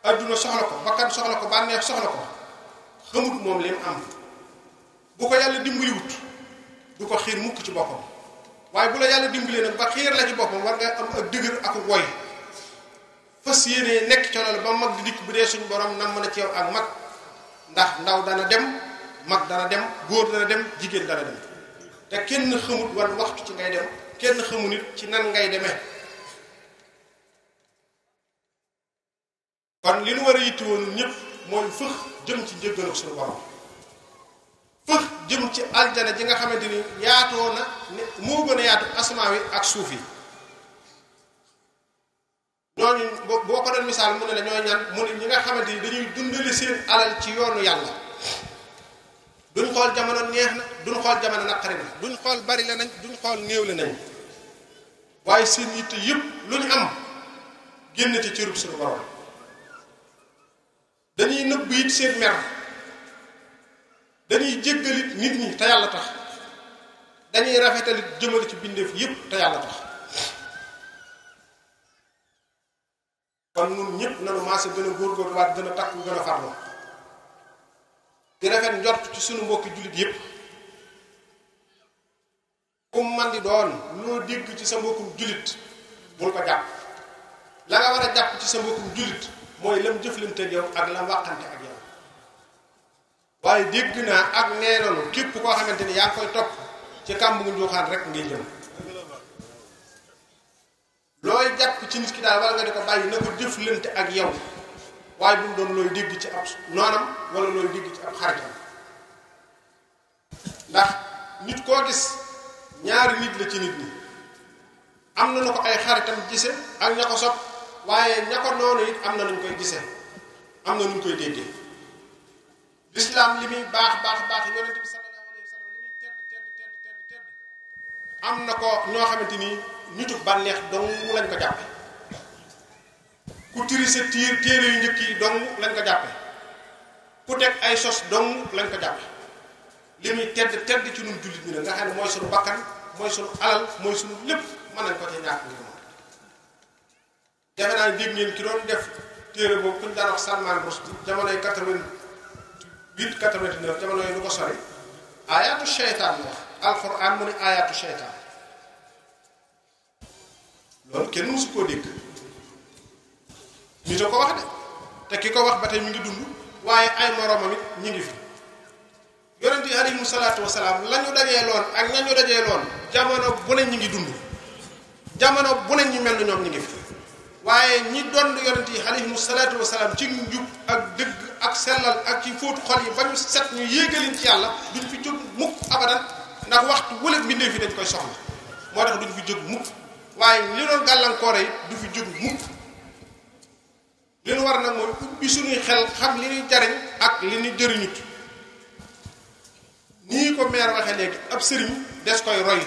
adduna soxla ko bakkan soxla ko bànneex soxla ko xamut moom li am bu ko yàlla dimbaliwut du ko xiir mukk ci boppam waaye bu la yàlla dimbalee nag ba xiir la ci boppam war nga am ak dëgër ak woy fas yéene nekk ca loolu ba mag di dikk bu dee suñu borom nam mën a ci ak mag ndax ndaw dana dem mag dana dem góor dana dem jigéen dana dem te kenn xamut wan waxtu ci ngay dem kenn xamu nit ci nan ngay demee kon li nu war a yitti woon ñëpp mooy fëx jëm ci njëggalu suñu borom pour jëm ci aljana ji nga xamante ni yaatoo na moo gën a yaatu asamaa wi ak suuf yi ñooñu boo ko doon misaal mu ne la ñooy ñaan mu ne ñi nga xamante ni dañuy dundali seen alal ci yoonu yàlla duñ xool jamono neex na duñ xool jamono naqari na duñ xool bari la nañ duñ xool néew la nañ waaye seen yitte yëpp lu ñu am génn ci cërub suñu borom dañuy nëbb it seen mer dañuy jéggalit nit ñi te yàlla tax dañuy rafetalit jëmale ci bindeef yépp te yàlla tax kon nun ñëpp nanu maase gën a góorgóorluwaat gën a takku gën di rafet njort ci sunu mbokki jullit yépp kum man di doon loo dégg ci sa mbokkum jullit bul ko jàpp la nga war a jàpp ci sa mbokkum jullit mooy lam jëflante ak yow ak lam waxante ak yow waaye dégg naa ak neenalu képp koo xamante ni yaa koy topp ci kàmb ngu njuuxaan rek ngi jëm looy jàpp ci nit ki daal wala nga di ko bàyyi na ko jëflante ak yow waaye bu mu doon looy dégg ci ab noonam wala looy dégg ci ab xaritam ndax nit koo gis ñaari nit la ci nit ñi am na nu ko ay xaritam gise ak ña ko sopp waaye ña ko noonu it am na nuñ koy gise am na nuñ koy déggee lislaam li muy baax baax baax yonent bi sallallahu alayhi wa sallam li muy tedd tedd tedd tedd tedd am na ko ñoo xamante ni nitu bànneex dong lañ ko jàppe ku tiri sa tiir téere yu lañ ko jàppe ku teg ay sos dong lañ ko jàppe li muy tedd tedd ci ñun bakkan mooy sunu alal mooy sunu lépp mën nañ ko ci naa ne dégg ngeen ki def téere boobu kuñ daan wax Salman Rushdie 8 89 jamono yooyu lu ko sori ayatu seytaan la wax alquran mu ne ayatu seytaan loolu kenn mësu koo dégg nit a ko wax de te ki ko wax ba te mi ngi dund waaye ay moroomam it ñu ngi fi yonent yi alayhimu salaatu wa salaam la ñu dajee loon ak ña ñu dajee loon jamono bu ne ñu ngi dund jamono bu ne ñu mel na ñoom ñu ngi fi. waaye ñi doon yonent yi alayhimu salaatu wasalaam ci njub ak dëgg ak sellal ak ci fóotu xol yi ba ñu set ñu yéegalin ci yàlla duñ fi jóg mukk abadan ndax waxtu wële mbindeef yi dañ koy soxla moo tax duñ fi jóg mukk waaye li doon gàllankoor yi du fi jóg mukk li nu war nag mooy ubbi suñuy xel xam li ñuy jariñ ak li ñuy jëriñut nii ko meer waxe léegi ab sëriñ des koy roy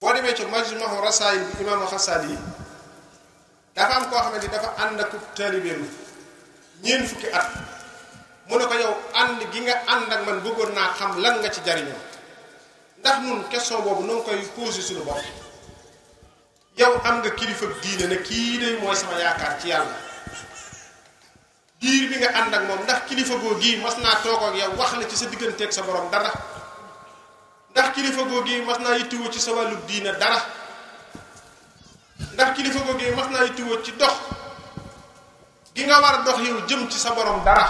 boo demee ci majmuhu rasaayil bi imaamu Xasaali yi dafa am koo xamante ne dafa ànd ak taalibeem ñeent fukki at mu ne ko yow ànd gi nga ànd ak man bëggoon naa xam lan nga ci jariñoo ndax nun question boobu noo koy posé suñu bopp yow am nga kilifa diine ne kii de mooy sama yaakaar ci yàlla diir bi nga ànd ak moom ndax kilifa goo gii mas naa toog ak yow wax la ci sa digganteeg sa boroom dara. ndax kilifa googu mas naa yittiwoo ci sa wàllu diina dara ndax kilifa googu mas naa yittiwoo ci dox gi nga war a dox yow jëm ci sa borom dara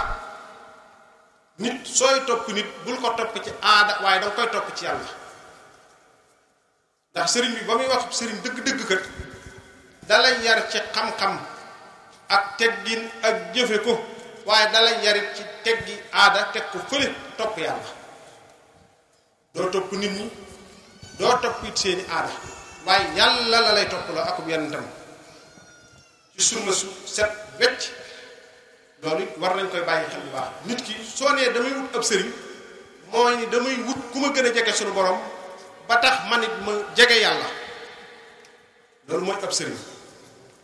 nit sooy topp nit bul ko topp ci aada waaye danga koy topp ci yàlla ndax sëriñ bi ba muy wax sëriñ dëgg-dëgg kat dalay yar ci xam-xam ak teggin ak jëfe ko waaye dalay yarit ci teggi aada teg ko fële topp yàlla do top nit ñi do top it seeni aada waaye yàlla la lay toppaloo akub yonentam ci sunna su set wecc loolu war nañ koy bàyyi xel bu baax nit ki soo nee damay wut ab sëriñ mooy ni damay wut ku ma gën a jege sunu borom ba tax man nit ma jege yàlla loolu mooy ab sëriñ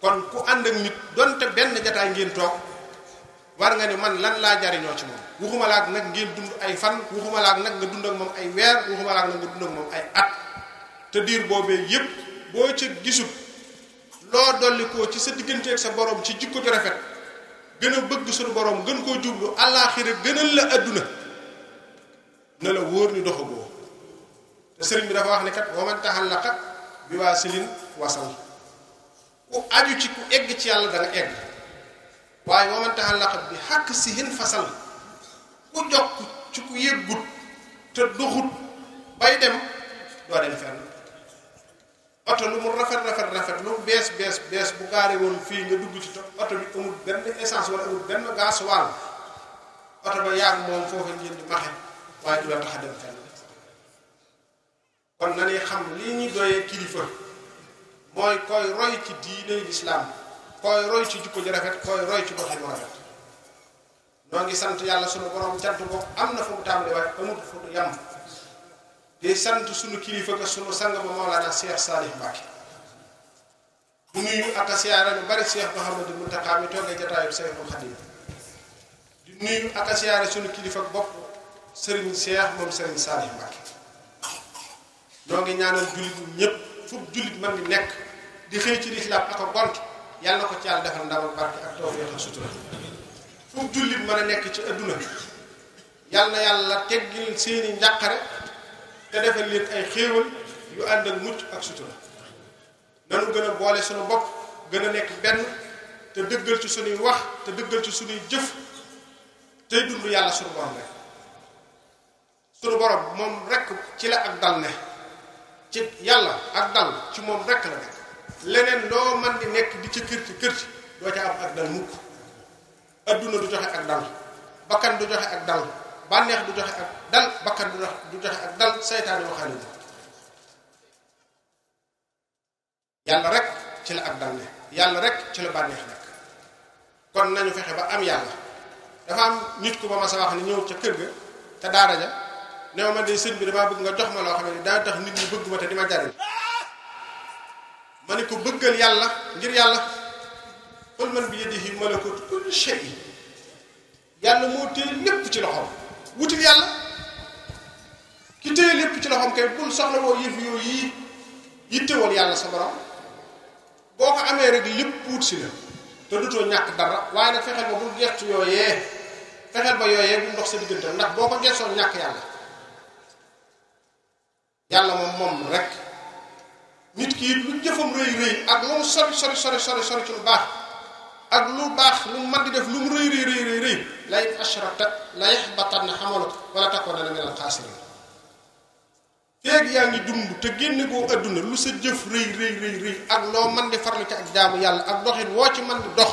kon ku ànd ak nit donte benn jataay ngeen toog war nga ni man lan laa jariñoo ci moom waxuma nag ngeen dund ay fan waxuma nag nga dund ak moom ay weer waxuma laak nag nga dund ak moom ay at te diir boobee yépp boo ca gisut loo dolli koo ci sa digganteeg sa boroom ci jikko ju rafet gën bëgg su borom gën koo jublu àllaaxira gënal la adduna na la wóor ni doxagoo te sëriñ bi dafa wax ne kat wa man taxallaqa bi waa silin wasal ku aju ci ku egg ci yàlla da egg waaye wa man bi xàkk si hin fasal ku jox ci ku yëggut te doxut bay dem doo dem fenn oto lu mu rafet rafet rafet lu mu bees bees bees bu gaare woon fii nga dugg ci oto bi amul benn essence wala amul benn gasoil oto ba yaag moom foofa ngeen di maxe waaye du tax a dem fenn kon na ñuy xam lii ñu doyee kilifa mooy koy roy ci diine lislaam koy roy ci jikko ji rafet koy roy ci doxin rafet Doang ngi sant yàlla sunu borom cant ko amna fu mu tàmbali amu fu yam suno di sant sunu kilifa ko sunu sanga ba maulana Cheikh Salih mbake bu nuyu ak siyaara lu bari Cheikh mohammed muntaka mi toge jotaay cheikh Khadim di nuyu ak siara sunu kilifa bopp Serigne Cheikh mom Serigne Salih mbake noo ngi ñaanal julit ñëpp fu julit man di nek di xey ci lislaam ak gont yalla ci yalla defal ndawal barke ak tawfeex ak sutura fu jullit mën a nekk ci bi yàlla na yàlla teggil seeni njàqare te defal leen ay xéewal yu ànd ak mucc ak sutura nanu gën a boole sunu bopp gën a nekk benn te dëggal ci sunuy wax te dëggal ci sunuy jëf tey dund yàlla sunu borom rek moom rek ci la ak dal ne ci yàlla ak dal ci moom rek la nekk leneen loo mën di nekk di ci kër ci kër ci doo ca am ak dal mukk adduna du joxe ak dal bakkan du joxe ak dal bànneex du joxe ak dal bakkan du joxe ak dal saytaane waxaale ji yàlla rek ci la ak dal yàlla rek ci la bànneex nekk kon nañu fexe ba am yàlla dafa am nit ku ba ma sa wax ni ñëw ca kër ga te daara ja new ma de sëñ bi damaa bëgg nga jox ma loo xam ne daa tax nit ñi bëgg ma te di ma jariñ ma ne ko bëggal yàlla ngir yàlla qul man bi yadihi malakutu kulli shay yàlla moo téye lépp ci loxoom wutil yàlla ki téye lépp ci loxoom kay bul soxla woo yëf yooyu yi yittewal yàlla sa borom boo ko amee rek lépp wut si la te dutoo ñàkk dara waaye nag fexeel ba bul gestu yooyee bu ndox sa diggante ndax boo ko gestoon ñàkk yàlla yàlla moom moom rek nit ki it lu jëfam rëy rëy ak moom sori sori sori sori sori ci lu baax ak lu baax lu mu man di def lu mu rëy rëy rëy rëy rëy la in ashrakta la yaxbatanna xamaluk wala takoonana minal xaasiriin feeg yaa ngi dund te génn goo àdduna lu sa jëf rëy rëy rëy ak loo man di farlu ci ak jaamu yàlla ak doxin woo ci man di dox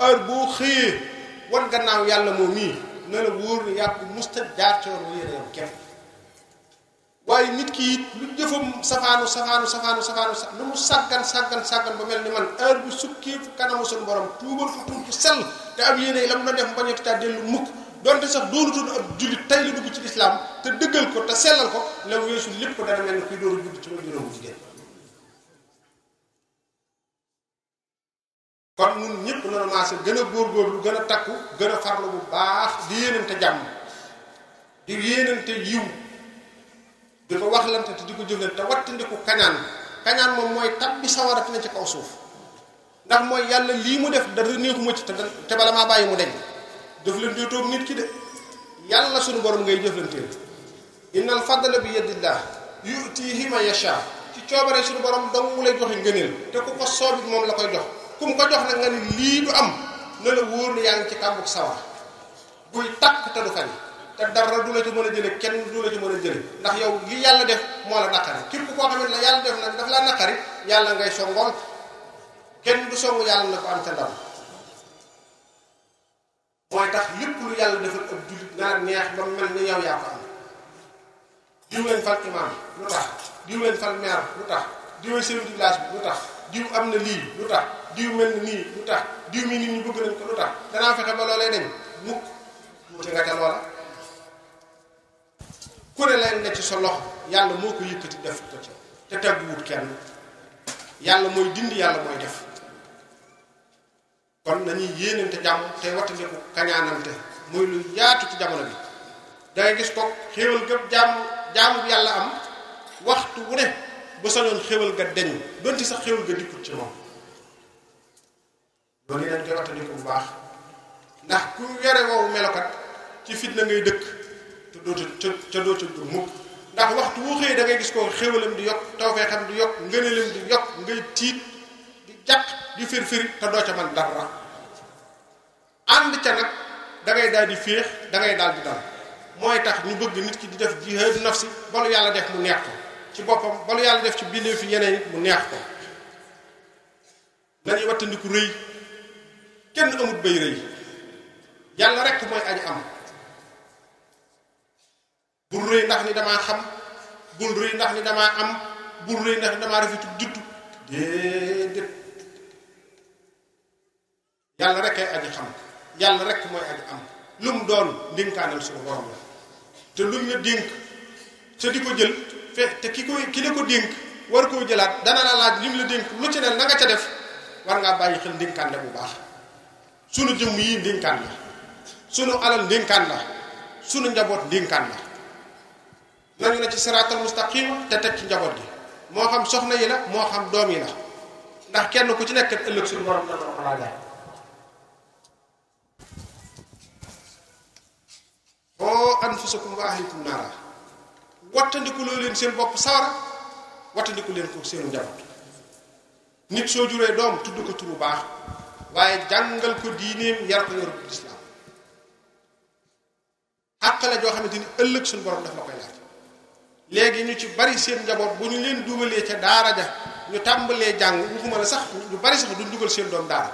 heure boo xëyee wan gannaaw yàlla moom mii na la wóor ne yàpp musta jaar ci woon kenn waaye nit kii it lu jëfam safaanu safaanu safaanu sa lu mu sàggan sàggan sàggan ba mel ni man heure bu sukkee fu kanamu suñu borom tuubal fu tuub bu sell te ab yéene lam na def bañ a tëtaat dellu mukk donte sax doonutoon ab jullit tey la dugg ci lislaam te dëggal ko te sellal ko la weesu lépp ko dana mel ni kuy dooru dugg ci ma juróomu jigéen kon ñun ñëpp noonu maase gën a góor góor góorgóorlu gën a takku gën a farlu bu baax di yéenante jàmm di yéenante yiw diko ko waxlante te di ko jëflante te wattandiku kañaan kañaan moom mooy tabbi sawara na ci kaw suuf ndax moy yalla li mu def dara neexuma ci te te bala ma bayyi mu deñ jëflante toog nit ki de yalla suñu borom ngay jëflanteel innal fadla bi yadillah yu'tihi ma yasha ci ciobare suñu borom dong mu lay joxe ngëneel te ku ko soobi mom la koy jox kum ko jox nak nga ni li du am na la woor ni yaa ci kàmbuk sawar buy tak te du fañ te dara du la ci mën a jële kenn du la ci mën a ndax yow li yàlla def moo la naqari képp koo xam ne la yàlla def nag daf laa naqari yàlla ngay songoon kenn du songu yàlla na ko am ca ndam mooy tax lépp lu yàlla defal ab jullit naa neex ba mel ni yow yaa ko am diw fal imaam lu tax diw fal maire lu tax diw chef du bi lu tax diw am na lii lu tax diw mel na nii lu tax diw mi nit ñi bëgg nañ ko lu tax danaa fexe ba loolee dem mukk mu ci nga ku ne leen ci sa loxo yàlla moo ko yëkkati def ko ci te tagguwut kenn yàlla mooy dindi yàlla mooy def kon nañuy yéenante jàmm te wattandiku kañaanante muy lu yaatu ci jamono bi dangay gis ko xéewal gëpp jàmm jaamu bi yàlla am waxtu wu ne ba sañoon xéewal ga deñ donte sax xéewal ga dikkut ci moom loolu dañ koy wattandiku bu baax ndax ku yore woowu melokat ci fitna ngay dëkk dootul ca ca dootul du mukk ndax waxtu wu xëy da ngay gis ko xéwalam di yokk tawfeexam di yokk ngëneelam di yokk ngay tiit di jàq di firfiri te doo ca man dara ànd ca nag dangay dal di féex dangay ngay daal di dal mooy tax ñu bëgg nit ki di def jihaadu nafsi ba lu yàlla def mu neex ko ci boppam ba lu yàlla def ci bindee fi yeneen mu neex ko nañuy wattandiku rëy kenn amut bay rëy yàlla rekk mooy aji am bul rëy ndax ni damaa xam bul rëy ndax ni damaa am bul rëy ndax ni damaa rafetu juddu déedéet yàlla rek ay aji xam yàlla rek mooy aji am lu mu doon ndénkaanal suñu borom la te lu ñu dénk te di ko jël fe te ki koy ki la ko dénk war koo jëlaat dana la laaj li la dénk lu ci ne na nga ca def war ngaa bàyyi xel ndénkaan la bu baax sunu jëmm yi ndénkaan la sunu alal ndénkaan la sunu njaboot ndénkaan la nañu la ci siraatal mustaqim te teg ci njaboot gi moo xam soxna yi la moo xam doom yi la ndax kenn ku ci nekk ëllëg suñu borom dana ko laaj oo leen seen bopp saara wattandiku leen seenu njaboot nit soo juree doom tudd ko turu baax waaye jàngal ko diineem yar ko xamante ni ëllëg suñu borom la koy laaj léegi ñu ci bari seen njaboot bu ñu leen dugalee ca daara ja ñu tàmbalee jàng waxuma la sax ñu bari sax duñ dugal seen doom daara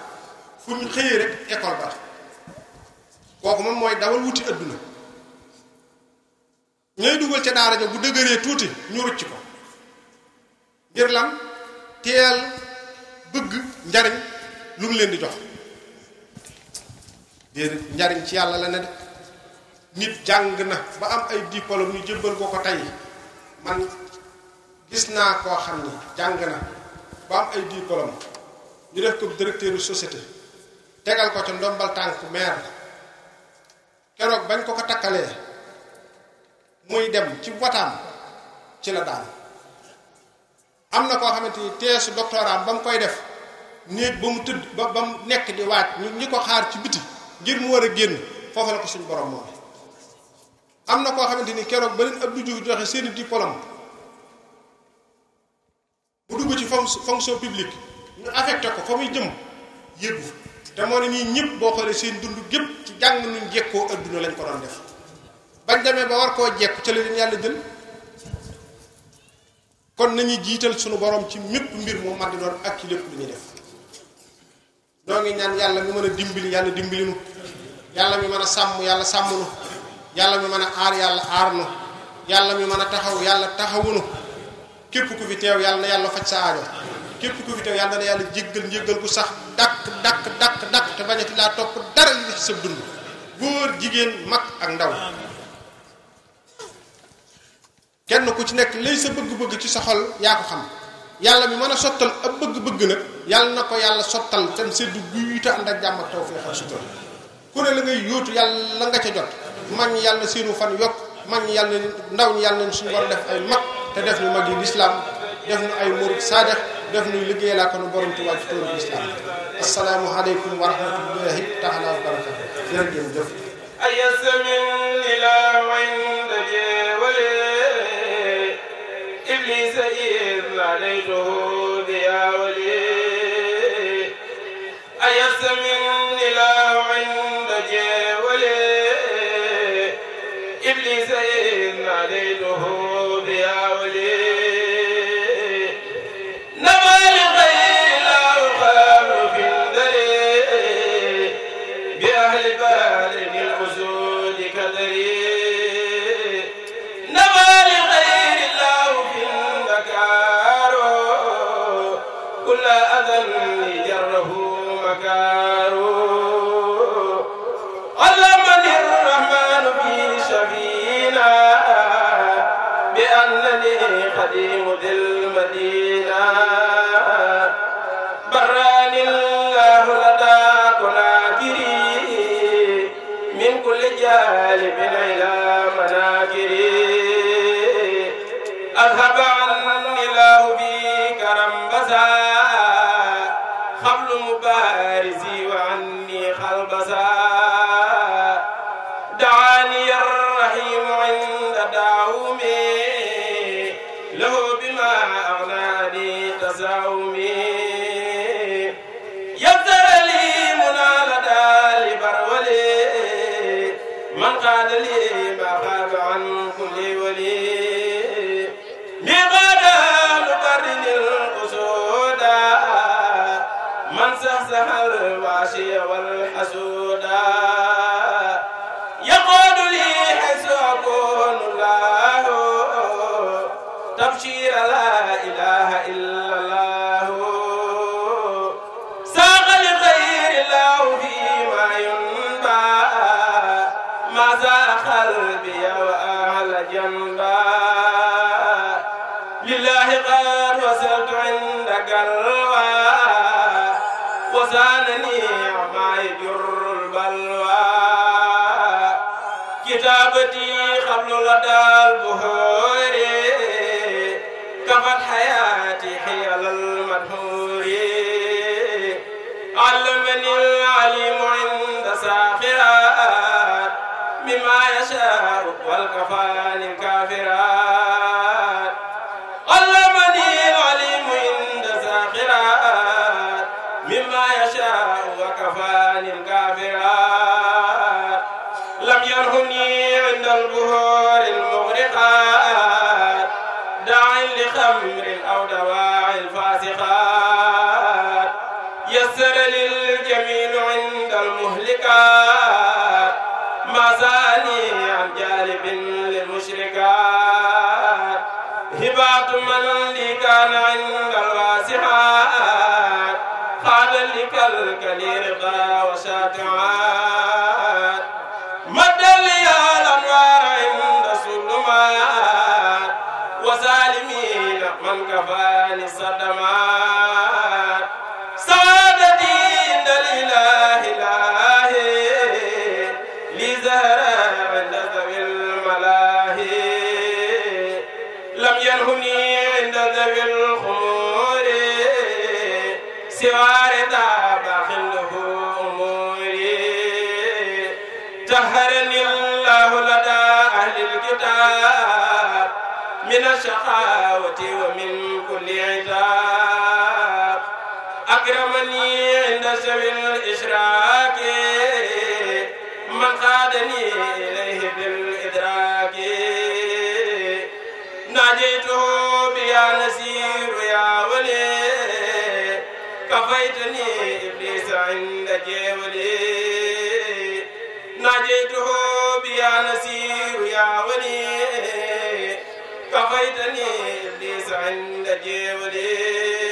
fu ñu xëyee rek école ba kooku moom mooy dawal wuti adduna ñooy dugal ca daara ja bu dëgëree tuuti ñu rucc ko ngir lan teel bëgg njariñ lu mu leen di jox déedéet njariñ ci yàlla la ne nit jàng na ba am ay diplôme ñu jëmbal ko ko tey man gis naa koo xam ni jàng na ba am ay diplôme ñu def ko directeur société tegal ko ca ndombal tànk maire keroog bañ ko ko takkalee muy dem ci wataam ci la daan am na koo xamante ni teesu doctoraam ba mu koy def néeg ba mu tëdd ba ba mu nekk di waaj ñu ñi ko xaar ci biti ngir mu war a génn foofu la ko suñ borom moom am na koo xamante ni keroog ba leen Abdou Diouf joxe seeni diplôme bu dugg ci fonction publique ñu affecté ko fa muy jëm yëpp te moo ne nii ñëpp boo xoolee seen dund gépp ci jàng nuñ jekkoo adduna lañ ko doon def bañ demee ba war koo jekk ca leen yàlla jël kon nañuy jiital sunu borom ci mépp mbir moo man ak ci lépp lu ñuy def noo ngi ñaan yàlla mi mën a dimbali yàlla dimbali yàlla mi mën a sàmm yàlla sàmm yàlla mi mën a aar yàlla aar nu yàlla mi mën a taxaw yàlla taxawunu képp ku fi teew yàlla na yàlla faj sa aajo képp ku fi teew yàlla na yàlla jéggal njéggal gu sax dakk dakk dakk dakk te bañati laa topp dara li ci sa dund góor jigéen mag ak ndaw kenn ku ci nekk lay sa bëgg-bëgg ci sa xol yaa ko xam yàlla mi mën a sottal ab bëgg-bëgg nag yàlla na ko yàlla sottal tam seddu guy te ànd ak jàmm ak tawfeex ak sutura ku ne la ngay yóotu yàlla nga ca jot man yàlla na seenu fan yok man yàlla ndaw ñi yàlla suñu war def ay mag te def ñu mag yi lislaam def ñu ay mourid sadiq def ñu liggéey la ko nu borom Tuubaa ci tóoru l'islam assalamu alaykum wa rahmatullahi taala wa barakatu jërëjëf jëf ayasamin ila wandaje wale iblis ir ladaytuhu diya wale ayasamin فارسي وعني خلبسا دعاني الرب والحسود يقول لي حيث أكون الله تبشير لا إله إلا الله ساق لغير الله فيما ينبى ما زاق قلبي وأهل جنبه قبل لدى البهور كفى الحياة حيال المدهوري علمني العليم عند ساخرات مما يشاء والكفى الكافرات الجميل عند المهلكات ما زاني عن جانب للمشركات هبات من لي كان الشقاوة ومن كل عتاب أكرمني عند سوي الإشراك من قادني إليه بالإدراك ناجيته بيا نسير يا ولي كفيتني إبليس عند جولي ناجيته بيا نسير يا ولي كفيتني إبليس عند جبريل